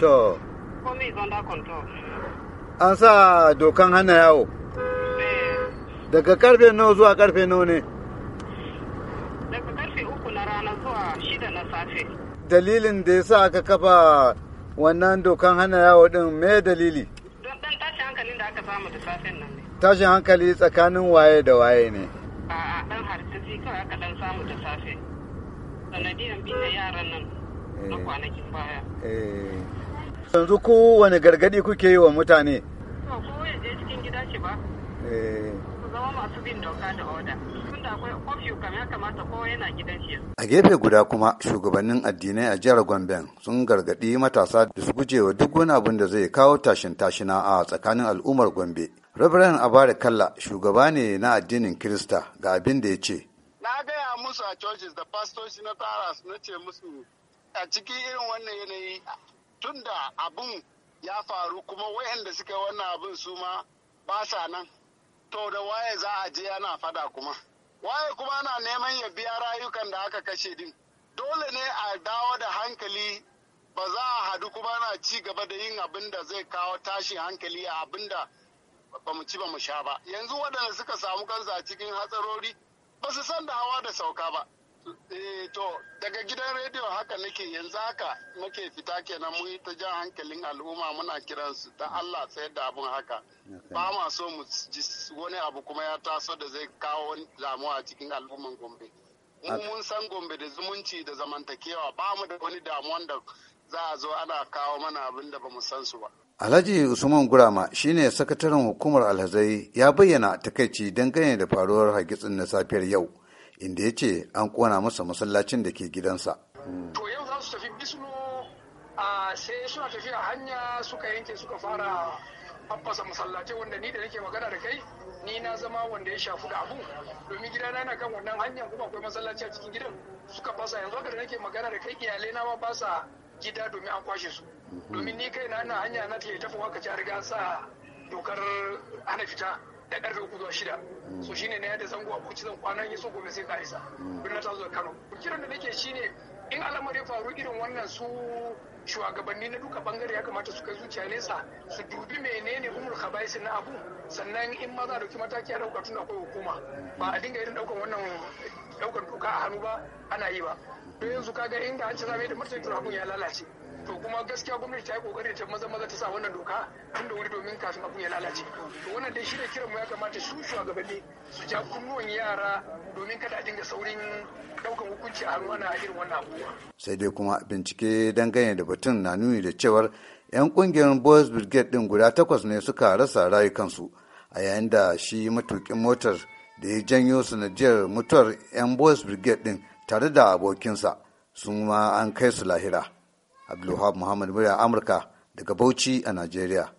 to komai zonda control an sa dokan hana yawo eh. daga karfe nawa zuwa karfe nawa ne daga karfe uku na rana zuwa shida na safe dalilin da ya sa aka kafa wannan dokan hana yawo din me dalili don dan tashin hankalin da aka samu da safen nan ne tashin hankali tsakanin waye da waye ne a'a dan hartsi kawai aka dan samu da safe sanadiyan bin yaran nan Eh. Eh. yanzu ko wani gargadi kuke yi wa mutane to ko ya je cikin gida shi ba eh. ku zama masu bin doka da oda A gefe guda kuma shugabannin addinai a jihar Gombe sun gargaɗi matasa da su gujewa duk wani abin da zai kawo tashin tashina a tsakanin al'ummar Gombe. Reverend Abare Kalla shugaba ne na addinin Kirista ga abin da ya ce. Na gaya musu a churches da pastors na taras na ce musu a cikin irin wannan yanayi tunda abin ya faru kuma wayanda suka wannan abin su ma ba sa nan to da waye za a je yana fada kuma waye kuma na neman ya biya rayukan da aka kashe din dole ne a dawo da hankali ba za a hadu kuma na ci gaba da yin abin da zai kawo tashin hankali a abin da ba mu ci ba mu sha ba yanzu waɗanda suka samu kansa cikin hatsarori ba su san da hawa da sauka ba eh, a gidan rediyo haka nake yanzu haka muke fita kenan mun ta jan hankalin al'umma muna kiran su ta Allah tsayar da abun haka ba ma so mu ji wani abu kuma ya taso da zai kawo damuwa cikin al'umman Gombe mun san Gombe da zumunci da zamantakewa ba mu da wani damuwan da za a zo ana kawo mana abin da ba mu san su ba Alhaji Usman Gurama shine sakataren hukumar alhazai ya bayyana takaici dangane da faruwar hargitsin na safiyar yau. inda ya ce an kona masa masallacin da ke gidansa. To yau za su tafi Bisno sai suna tafiya hanya suka yanke suka fara habbasa masallacin wanda ni da nake magana da kai ni na zama wanda ya shafu da abu domin gidana yana kan wannan hanyar kuma akwai masallaci a cikin gidan suka fasa yanzu haka da nake magana da kai iyalai na ma ba gida domin an kwashe su mhm. domin ni kai na hanya na tafi tafi waka ci riga sa dokar hana fita da karfe uku zuwa shida mm. so shine na yadda zango a kuci zan kwana yi so gobe sai ka isa mm. birnin ta zuwa kano kiran da nake shine in al'amari ya faru irin wannan su shugabanni na duka bangare ya kamata su kai zuciya nesa su dubi menene umul khabaisi na abu sannan in ma za a dauki mataki a dauka tun akwai hukuma ba a dinga irin daukan wannan daukar doka a hannu ba ana yi ba to yanzu kaga inda an ci zabe da martani to abun ya lalace to kuma gaskiya gwamnati ta yi kokari ta maza maza ta sa wannan doka tun da wuri domin kafin abun ya lalace to wannan dai shine kiran mu ya kamata su shugabanni su ja kunnuwan yara domin kada a dinga saurin daukan hukunci a hannu a irin wannan abubuwa sai dai kuma bincike dangane da batun na nuni da cewar 'yan kungiyar boys brigade din guda takwas ne suka rasa rayukansu a yayin da shi matukin motar da ya janyo sanadiyar mutuwar 'yan boys brigade din tare da abokinsa sun ma an kai su lahira abdulwahab muhammad murya amurka daga bauchi a nigeria.